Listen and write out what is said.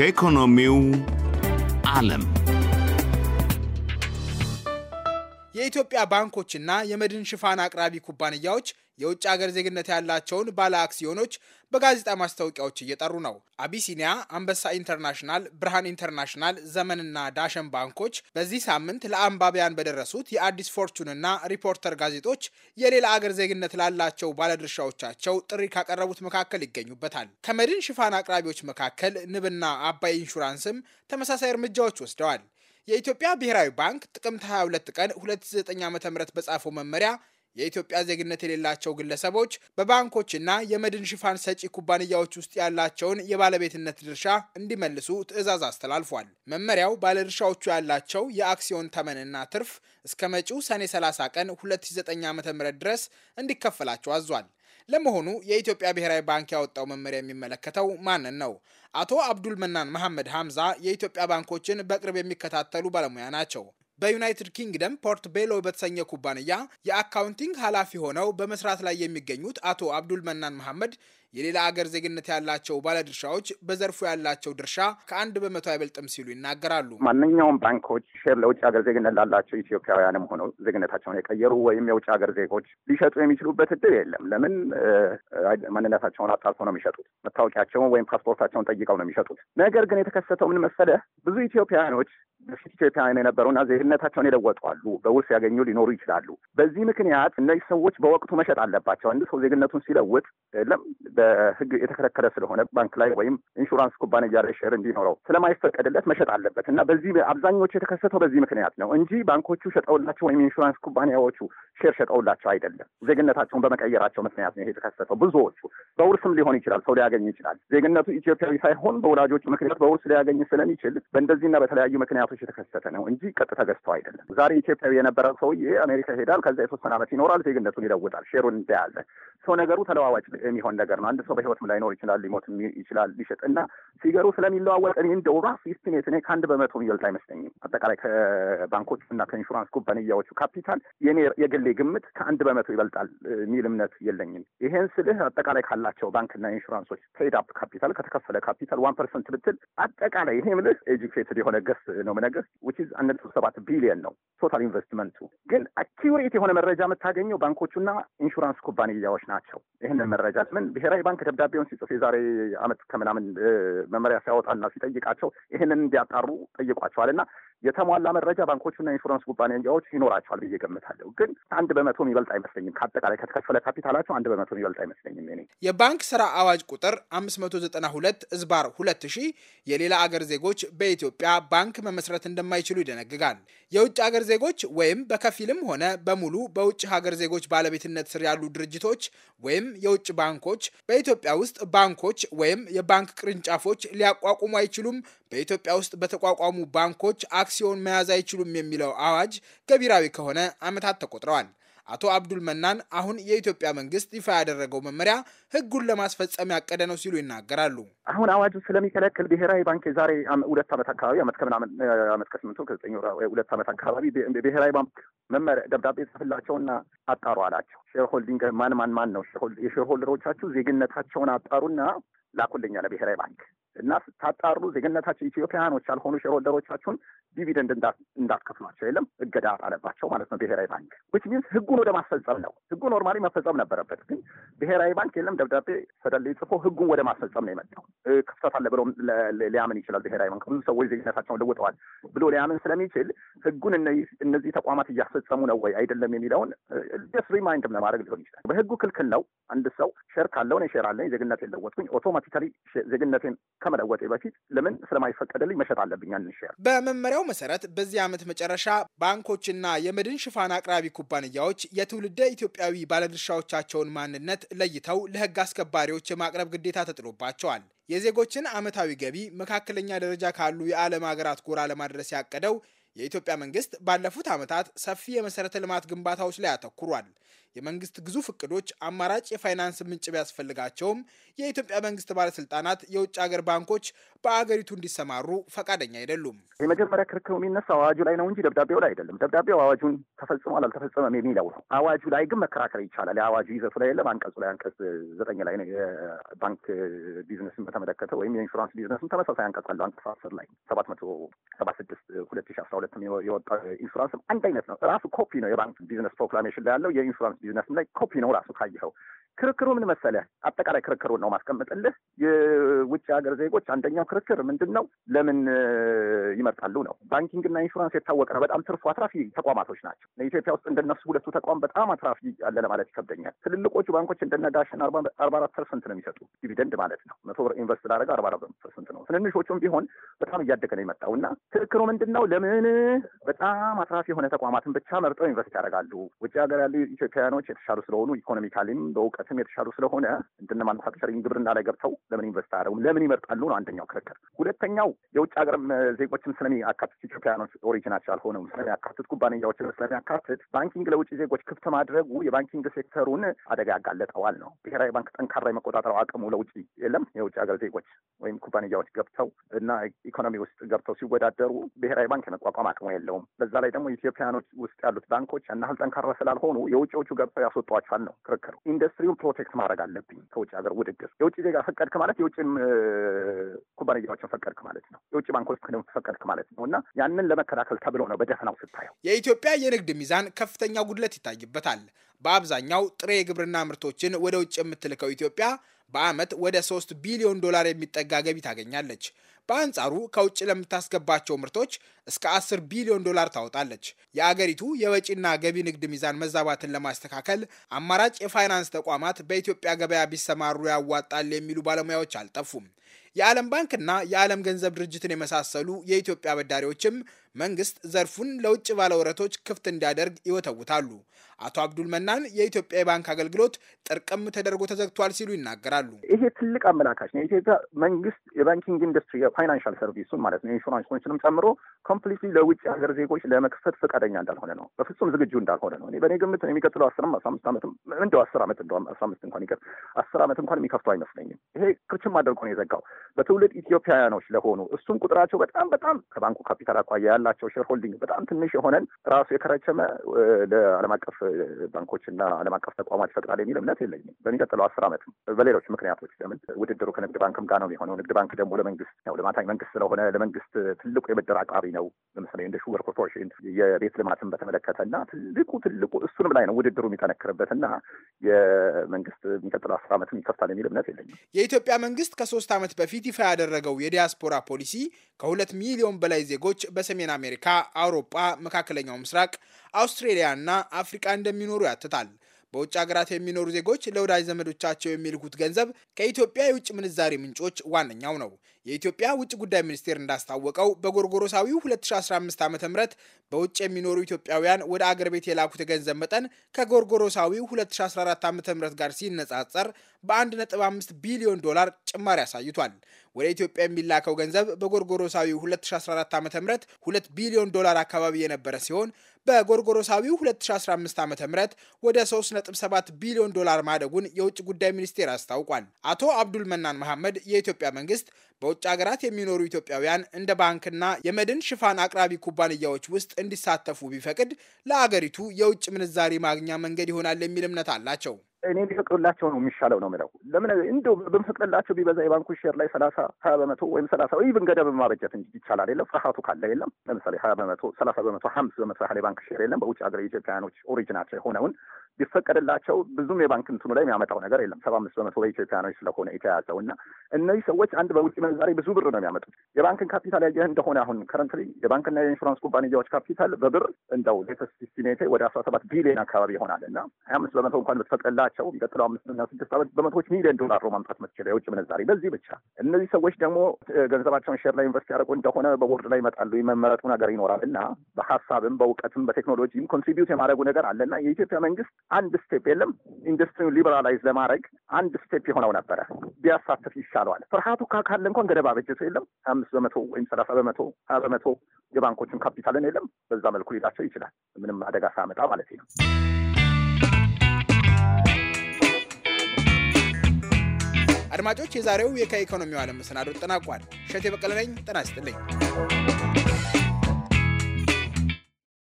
ከኢኮኖሚው ዓለም የኢትዮጵያ ባንኮችና የመድን ሽፋን አቅራቢ ኩባንያዎች የውጭ ሀገር ዜግነት ያላቸውን ባለ አክሲዮኖች በጋዜጣ ማስታወቂያዎች እየጠሩ ነው። አቢሲኒያ፣ አንበሳ ኢንተርናሽናል፣ ብርሃን ኢንተርናሽናል፣ ዘመንና ዳሸን ባንኮች በዚህ ሳምንት ለአንባቢያን በደረሱት የአዲስ ፎርቹንና ሪፖርተር ጋዜጦች የሌላ አገር ዜግነት ላላቸው ባለድርሻዎቻቸው ጥሪ ካቀረቡት መካከል ይገኙበታል። ከመድን ሽፋን አቅራቢዎች መካከል ንብና አባይ ኢንሹራንስም ተመሳሳይ እርምጃዎች ወስደዋል። የኢትዮጵያ ብሔራዊ ባንክ ጥቅምት 22 ቀን 2009 ም በጻፈው መመሪያ የኢትዮጵያ ዜግነት የሌላቸው ግለሰቦች በባንኮችና የመድን ሽፋን ሰጪ ኩባንያዎች ውስጥ ያላቸውን የባለቤትነት ድርሻ እንዲመልሱ ትዕዛዝ አስተላልፏል። መመሪያው ባለድርሻዎቹ ያላቸው የአክሲዮን ተመንና ትርፍ እስከ መጪው ሰኔ 30 ቀን 2009 ዓ.ም ድረስ እንዲከፈላቸው አዟል። ለመሆኑ የኢትዮጵያ ብሔራዊ ባንክ ያወጣው መመሪያ የሚመለከተው ማንን ነው? አቶ አብዱል መናን መሐመድ ሐምዛ የኢትዮጵያ ባንኮችን በቅርብ የሚከታተሉ ባለሙያ ናቸው። በዩናይትድ ኪንግደም ፖርት ቤሎ በተሰኘ ኩባንያ የአካውንቲንግ ኃላፊ ሆነው በመስራት ላይ የሚገኙት አቶ አብዱል መናን መሐመድ የሌላ አገር ዜግነት ያላቸው ባለድርሻዎች በዘርፉ ያላቸው ድርሻ ከአንድ በመቶ አይበልጥም ሲሉ ይናገራሉ። ማንኛውም ባንኮች ሼር ለውጭ ሀገር ዜግነት ላላቸው ኢትዮጵያውያንም ሆነው ዜግነታቸውን የቀየሩ ወይም የውጭ ሀገር ዜጎች ሊሸጡ የሚችሉበት እድል የለም። ለምን ማንነታቸውን አጣርቶ ነው የሚሸጡት። መታወቂያቸውን ወይም ፓስፖርታቸውን ጠይቀው ነው የሚሸጡት። ነገር ግን የተከሰተው ምን መሰለህ? ብዙ ኢትዮጵያውያኖች በፊት ኢትዮጵያውያን የነበሩና ዜግነታቸውን የለወጡ አሉ። በውርስ ያገኙ ሊኖሩ ይችላሉ። በዚህ ምክንያት እነዚህ ሰዎች በወቅቱ መሸጥ አለባቸው። አንድ ሰው ዜግነቱን ሲለውጥ የለም በህግ የተከለከለ ስለሆነ ባንክ ላይ ወይም ኢንሹራንስ ኩባንያ ላይ ሼር እንዲኖረው ስለማይፈቀድለት መሸጥ አለበት እና በዚህ አብዛኞቹ የተከሰተው በዚህ ምክንያት ነው እንጂ ባንኮቹ ሸጠውላቸው ወይም ኢንሹራንስ ኩባንያዎቹ ሼር ሸጠውላቸው አይደለም። ዜግነታቸውን በመቀየራቸው ምክንያት ነው ይሄ የተከሰተው። ብዙዎቹ በውርስም ሊሆን ይችላል፣ ሰው ሊያገኝ ይችላል። ዜግነቱ ኢትዮጵያዊ ሳይሆን በወላጆቹ ምክንያት በውርስ ሊያገኝ ስለሚችል በእንደዚህና በተለያዩ ምክንያቶች የተከሰተ ነው እንጂ ቀጥታ ገዝተው አይደለም። ዛሬ ኢትዮጵያዊ የነበረ ሰውዬ አሜሪካ ይሄዳል። ከዛ የተወሰነ ዓመት ይኖራል፣ ዜግነቱን ይለውጣል፣ ሼሩን እንደያዘ ሰው ነገሩ ተለዋዋጭ የሚሆን ነገር ነው። አንድ ሰው በህይወትም ላይኖር ይችላል፣ ሊሞት ይችላል። ሊሸጥ እና ፊገሩ ስለሚለዋወጥ እኔ እንደው ራፍ ኢስቲሜት እኔ ከአንድ በመቶ የሚበልጥ አይመስለኝም። አጠቃላይ ከባንኮች እና ከኢንሹራንስ ኩባንያዎቹ ካፒታል የኔ የግሌ ግምት ከአንድ በመቶ ይበልጣል የሚል እምነት የለኝም። ይሄን ስልህ አጠቃላይ ካላቸው ባንክና ኢንሹራንሶች ፔድ አፕ ካፒታል ከተከፈለ ካፒታል ዋን ፐርሰንት ብትል አጠቃላይ ይሄ ምልህ ኤጁኬትድ የሆነ ገስ ነው ምነገስ ዊች ኢዝ አንድ ነጥብ ሰባት ቢሊየን ነው ቶታል ኢንቨስትመንቱ። ግን አኪውሬት የሆነ መረጃ የምታገኘው ባንኮቹና ኢንሹራንስ ኩባንያዎች ናቸው። ይህንን መረጃ ለምን ብሔራዊ ብሔራዊ ባንክ ደብዳቤውን ሲጽፍ የዛሬ አመት ከምናምን መመሪያ ሲያወጣና ሲጠይቃቸው ይህንን እንዲያጣሩ ጠይቋቸዋል እና የተሟላ መረጃ ባንኮቹና ኢንሹራንስ ኩባንያዎች ይኖራቸዋል ብዬ ገምታለሁ። ግን አንድ በመቶ የሚበልጥ አይመስለኝም። ከአጠቃላይ ከተከፈለ ካፒታላቸው አንድ በመቶ የሚበልጥ አይመስለኝም። ኔ የባንክ ስራ አዋጅ ቁጥር 592 እዝባር 2000 የሌላ አገር ዜጎች በኢትዮጵያ ባንክ መመስረት እንደማይችሉ ይደነግጋል። የውጭ ሀገር ዜጎች ወይም በከፊልም ሆነ በሙሉ በውጭ ሀገር ዜጎች ባለቤትነት ስር ያሉ ድርጅቶች ወይም የውጭ ባንኮች በኢትዮጵያ ውስጥ ባንኮች ወይም የባንክ ቅርንጫፎች ሊያቋቁሙ አይችሉም። በኢትዮጵያ ውስጥ በተቋቋሙ ባንኮች አክሲዮን መያዝ አይችሉም የሚለው አዋጅ ገቢራዊ ከሆነ ዓመታት ተቆጥረዋል። አቶ አብዱል መናን አሁን የኢትዮጵያ መንግስት ይፋ ያደረገው መመሪያ ህጉን ለማስፈጸም ያቀደ ነው ሲሉ ይናገራሉ። አሁን አዋጁ ስለሚከለክል ብሔራዊ ባንክ የዛሬ ሁለት ዓመት አካባቢ ዓመት ከምናምን ዓመት ከስምንት ከዘጠኝ ሁለት ዓመት አካባቢ ብሔራዊ ባንክ መመሪያ ደብዳቤ ጽፍላቸውና አጣሩ አላቸው። ሼርሆልዲንግ ማን ማን ማን ነው የሼርሆልደሮቻችሁ ዜግነታቸውን አጣሩና ላኩልኛ ለብሔራዊ ባንክ እና ስታጣሩ ዜግነታቸው ኢትዮጵያኖች ያልሆኑ ሼርሆልደሮቻችሁን ዲቪደንድ እንዳትከፍሏቸው የለም እገዳ አለባቸው ማለት ነው ብሔራዊ ባንክ ዊች ሚንስ ህጉን ወደ ማስፈጸም ነው ህጉ ኖርማሊ መፈጸም ነበረበት ግን ብሔራዊ ባንክ የለም ደብዳቤ ሰደል ጽፎ ህጉን ወደ ማስፈጸም ነው የመጣው ክፍተት አለ ብሎ ሊያምን ይችላል ብሔራዊ ባንክ ብዙ ሰዎች ዜግነታቸውን ልውጠዋል ብሎ ሊያምን ስለሚችል ህጉን እነዚህ ተቋማት እያስፈጸሙ ነው ወይ አይደለም የሚለውን ስ ሪማይንድ ለማድረግ ሊሆን ይችላል። በህጉ ክልክል ነው። አንድ ሰው ሼር ካለውን ሼር አለኝ ዜግነት የለወጥኩኝ ኦቶማቲካሊ ዜግነቴን ከመለወጤ በፊት ለምን ስለማይፈቀደልኝ መሸጥ አለብኝ ያንን ሼር። በመመሪያው መሰረት በዚህ ዓመት መጨረሻ ባንኮችና የመድን ሽፋን አቅራቢ ኩባንያዎች የትውልደ ኢትዮጵያዊ ባለድርሻዎቻቸውን ማንነት ለይተው ለህግ አስከባሪዎች የማቅረብ ግዴታ ተጥሎባቸዋል። የዜጎችን ዓመታዊ ገቢ መካከለኛ ደረጃ ካሉ የዓለም ሀገራት ጎራ ለማድረስ ያቀደው የኢትዮጵያ መንግስት ባለፉት ዓመታት ሰፊ የመሰረተ ልማት ግንባታዎች ላይ አተኩሯል። የመንግስት ግዙፍ እቅዶች አማራጭ የፋይናንስ ምንጭ ቢያስፈልጋቸውም የኢትዮጵያ መንግስት ባለስልጣናት የውጭ ሀገር ባንኮች በአገሪቱ እንዲሰማሩ ፈቃደኛ አይደሉም። የመጀመሪያ ክርክሩ የሚነሳው አዋጁ ላይ ነው እንጂ ደብዳቤው ላይ አይደለም። ደብዳቤው አዋጁን ተፈጽሟል አልተፈጸመም የሚለው ነው። አዋጁ ላይ ግን መከራከር ይቻላል። የአዋጁ ይዘቱ ላይ የለም። አንቀጹ ላይ አንቀጽ ዘጠኝ ላይ የባንክ ቢዝነስን በተመለከተ ወይም የኢንሹራንስ ቢዝነስን ተመሳሳይ አንቀጽ አለው። አንቀጽ አስር ላይ ሰባት መቶ ሰባ ስድስት ሁለት ሺ አስራ ሁለትም የወጣ ኢንሹራንስም አንድ አይነት ነው። ራሱ ኮፒ ነው የባንክ ቢዝነስ ፕሮክላሜሽን ላይ ያለው የኢንሹራንስ ቢዝነስም ላይ ኮፒ ነው ራሱ ካየኸው ክርክሩ ምን መሰለ አጠቃላይ ክርክሩን ነው ማስቀምጥልህ። የውጭ ሀገር ዜጎች አንደኛው ክርክር ምንድን ነው? ለምን ይመርጣሉ ነው። ባንኪንግና ኢንሹራንስ የታወቀ ነው። በጣም ትርፉ አትራፊ ተቋማቶች ናቸው። ኢትዮጵያ ውስጥ እንደነሱ ሁለቱ ተቋም በጣም አትራፊ አለ ለማለት ይከብደኛል። ትልልቆቹ ባንኮች እንደነ ዳሽን አርባ አራት ፐርሰንት ነው የሚሰጡ ዲቪደንድ ማለት ነው። መቶ ብር ኢንቨስት ላደረገ አርባ አራት ፐርሰንት ነው። ትንንሾቹም ቢሆን በጣም እያደገ ነው የመጣው እና ክርክሩ ምንድን ነው? ለምን በጣም አትራፊ የሆነ ተቋማትን ብቻ መርጠው ኢንቨስት ያደርጋሉ? ውጭ ሀገር ያሉ ኢትዮጵያውያኖች የተሻሉ ስለሆኑ ኢኮኖሚካሊም በእውቀት ለመስራትም የተሻሉ ስለሆነ እንትን ማንፋክቸሪንግ ግብርና ላይ ገብተው ለምን ኢንቨስት አያደርጉም? ለምን ይመርጣሉ ነው አንደኛው ክርክር። ሁለተኛው የውጭ ሀገርም ዜጎችም ስለሚያካትት ኢትዮጵያውያኖች ኦሪጂናቸው ያልሆነውም ስለሚያካትት ኩባንያዎችን ስለሚያካትት ባንኪንግ ለውጭ ዜጎች ክፍት ማድረጉ የባንኪንግ ሴክተሩን አደጋ ያጋለጠዋል ነው። ብሔራዊ ባንክ ጠንካራ የመቆጣጠረው አቅሙ ለውጭ የለም። የውጭ ሀገር ዜጎች ወይም ኩባንያዎች ገብተው እና ኢኮኖሚ ውስጥ ገብተው ሲወዳደሩ ብሔራዊ ባንክ የመቋቋም አቅሙ የለውም። በዛ ላይ ደግሞ ኢትዮጵያኖች ውስጥ ያሉት ባንኮች እና ጠንካራ ስላልሆኑ የውጭዎቹ ገብተው ያስወጧቸዋል ነው ክርክሩ። ኢንዱስትሪ ኢንዱስትሪውን ፕሮቴክት ማድረግ አለብኝ። ከውጭ ሀገር ውድድር የውጭ ዜጋ ፈቀድክ ማለት የውጭም ኩባንያዎችን ፈቀድክ ማለት ነው። የውጭ ባንኮች ፈቀድክ ማለት ነው እና ያንን ለመከላከል ተብሎ ነው በደፈናው ስታየው። የኢትዮጵያ የንግድ ሚዛን ከፍተኛ ጉድለት ይታይበታል። በአብዛኛው ጥሬ የግብርና ምርቶችን ወደ ውጭ የምትልከው ኢትዮጵያ በዓመት ወደ 3 ቢሊዮን ዶላር የሚጠጋ ገቢ ታገኛለች። በአንጻሩ ከውጭ ለምታስገባቸው ምርቶች እስከ 10 ቢሊዮን ዶላር ታወጣለች። የአገሪቱ የወጪና ገቢ ንግድ ሚዛን መዛባትን ለማስተካከል አማራጭ የፋይናንስ ተቋማት በኢትዮጵያ ገበያ ቢሰማሩ ያዋጣል የሚሉ ባለሙያዎች አልጠፉም። የዓለም ባንክና የዓለም ገንዘብ ድርጅትን የመሳሰሉ የኢትዮጵያ አበዳሪዎችም መንግስት ዘርፉን ለውጭ ባለውረቶች ክፍት እንዲያደርግ ይወተውታሉ። አቶ አብዱል መናን የኢትዮጵያ የባንክ አገልግሎት ጥርቅም ተደርጎ ተዘግቷል ሲሉ ይናገራሉ። ይሄ ትልቅ አመላካች ነው። የኢትዮጵያ መንግስት የባንኪንግ ኢንዱስትሪ የፋይናንሻል ሰርቪሱን ማለት ነው ኢንሹራንሶችንም ጨምሮ ኮምፕሊትሊ ለውጭ ሀገር ዜጎች ለመክፈት ፈቃደኛ እንዳልሆነ ነው፣ በፍጹም ዝግጁ እንዳልሆነ ነው። በእኔ ግምት የሚቀጥለው አስርም አስራ አምስት ዓመትም እንደው አስር ዓመት እንደው አስራ አምስት እንኳን ይቅር አስር ዓመት እንኳን የሚከፍተው አይመስለኝም። ይሄ ክርችም አድርጎ ነው የዘጋው በትውልድ ኢትዮጵያውያኖች ለሆኑ እሱም ቁጥራቸው በጣም በጣም ከባንኩ ካፒታል አኳያ ያላቸው ሼር ሆልዲንግ በጣም ትንሽ የሆነን ራሱ የከረቸመ ለዓለም አቀፍ ባንኮችና ዓለም አቀፍ ተቋማት ይፈቅዳል የሚል እምነት የለኝም። በሚቀጥለው አስር ዓመት በሌሎች ምክንያቶች ለምን ውድድሩ ከንግድ ባንክም ጋር ነው የሚሆነው። ንግድ ባንክ ደግሞ ለመንግስት ያው ለማታኝ መንግስት ስለሆነ ለመንግስት ትልቁ የብድር አቅራቢ ነው። ነው። ለምሳሌ እንደ ሹገር ኮርፖሬሽን የቤት ልማትን በተመለከተና ትልቁ ትልቁ እሱንም ላይ ነው ውድድሩ የሚጠነክርበትና የመንግስት የሚቀጥለው አስር ዓመትም ይከፍታል የሚል እምነት የለኝም። የኢትዮጵያ መንግስት ከሶስት ዓመት በፊት ይፋ ያደረገው የዲያስፖራ ፖሊሲ ከሁለት ሚሊዮን በላይ ዜጎች በሰሜን አሜሪካ፣ አውሮፓ፣ መካከለኛው ምስራቅ፣ አውስትሬሊያና አፍሪቃ እንደሚኖሩ ያትታል። በውጭ ሀገራት የሚኖሩ ዜጎች ለወዳጅ ዘመዶቻቸው የሚልኩት ገንዘብ ከኢትዮጵያ የውጭ ምንዛሬ ምንጮች ዋነኛው ነው። የኢትዮጵያ ውጭ ጉዳይ ሚኒስቴር እንዳስታወቀው በጎርጎሮሳዊው 2015 ዓ ም በውጭ የሚኖሩ ኢትዮጵያውያን ወደ አገር ቤት የላኩት የገንዘብ መጠን ከጎርጎሮሳዊው 2014 ዓ ም ጋር ሲነጻጸር በ1.5 ቢሊዮን ዶላር ጭማሪ አሳይቷል። ወደ ኢትዮጵያ የሚላከው ገንዘብ በጎርጎሮሳዊው 2014 ዓ ም 2 ቢሊዮን ዶላር አካባቢ የነበረ ሲሆን በጎርጎሮሳዊው 2015 ዓ ም ወደ 3.7 ቢሊዮን ዶላር ማደጉን የውጭ ጉዳይ ሚኒስቴር አስታውቋል። አቶ አብዱል መናን መሐመድ የኢትዮጵያ መንግስት በውጭ ሀገራት የሚኖሩ ኢትዮጵያውያን እንደ ባንክና የመድን ሽፋን አቅራቢ ኩባንያዎች ውስጥ እንዲሳተፉ ቢፈቅድ ለአገሪቱ የውጭ ምንዛሪ ማግኛ መንገድ ይሆናል የሚል እምነት አላቸው። እኔ ቢፈቅዱላቸው ነው የሚሻለው ነው የምለው። ለምን እንዲያው ብንፈቅድላቸው ቢበዛ የባንኩ ሼር ላይ ሰላሳ ሀያ በመቶ ወይም ሰላሳ ኢቭን ገደብ ማበጀት እንጂ ይቻላል የለም ፍርሃቱ ካለ የለም። ለምሳሌ ሀያ በመቶ ሰላሳ በመቶ ሀምሳ በመቶ ያህል የባንክ ሼር የለም በውጭ ሀገር የኢትዮጵያውያኖች ኦሪጂናቸው የሆነውን ቢፈቀድላቸው ብዙም የባንክ እንትኑ ላይ የሚያመጣው ነገር የለም። ሰባ አምስት በመቶ በኢትዮጵያውያኖች ስለሆነ የተያዘው እና እነዚህ ሰዎች አንድ በውጭ ምንዛሬ ብዙ ብር ነው የሚያመጡት። የባንክን ካፒታል ያየህ እንደሆነ አሁን ከረንትሊ የባንክና የኢንሹራንስ ኩባንያዎች ካፒታል በብር እንደው ሌተስት ኢስቲሜቴ ወደ አስራ ሰባት ቢሊዮን አካባቢ ይሆናል እና ሀያ አምስት በመቶ እንኳን ብትፈቅድላ ሀገራቸው የሚቀጥለው አምስትና ስድስት ዓመት በመቶዎች ሚሊዮን ዶላር ነው ማምጣት መችለ የውጭ ምንዛሬ በዚህ ብቻ። እነዚህ ሰዎች ደግሞ ገንዘባቸውን ሼር ላይ ኢንቨስት ያደረጉ እንደሆነ በቦርድ ላይ ይመጣሉ። የመመረጡ ነገር ይኖራል እና በሀሳብም በእውቀትም በቴክኖሎጂም ኮንትሪቢዩት የማድረጉ ነገር አለ እና የኢትዮጵያ መንግስት አንድ ስቴፕ የለም ኢንዱስትሪውን ሊበራላይዝ ለማድረግ አንድ ስቴፕ የሆነው ነበረ ቢያሳትፍ ይሻለዋል። ፍርሃቱ ካለ እንኳን ገደባ በጀቱ የለም አምስት በመቶ ወይም ሰላሳ በመቶ ሀያ በመቶ የባንኮችን ካፒታልን የለም በዛ መልኩ ሊላቸው ይችላል። ምንም አደጋ ሳመጣ ማለት ነው። አድማጮች፣ የዛሬው የከኢኮኖሚው ዓለም መሰናዶ ተጠናቋል። እሸቴ በቀለ ነኝ። ጤና ይስጥልኝ።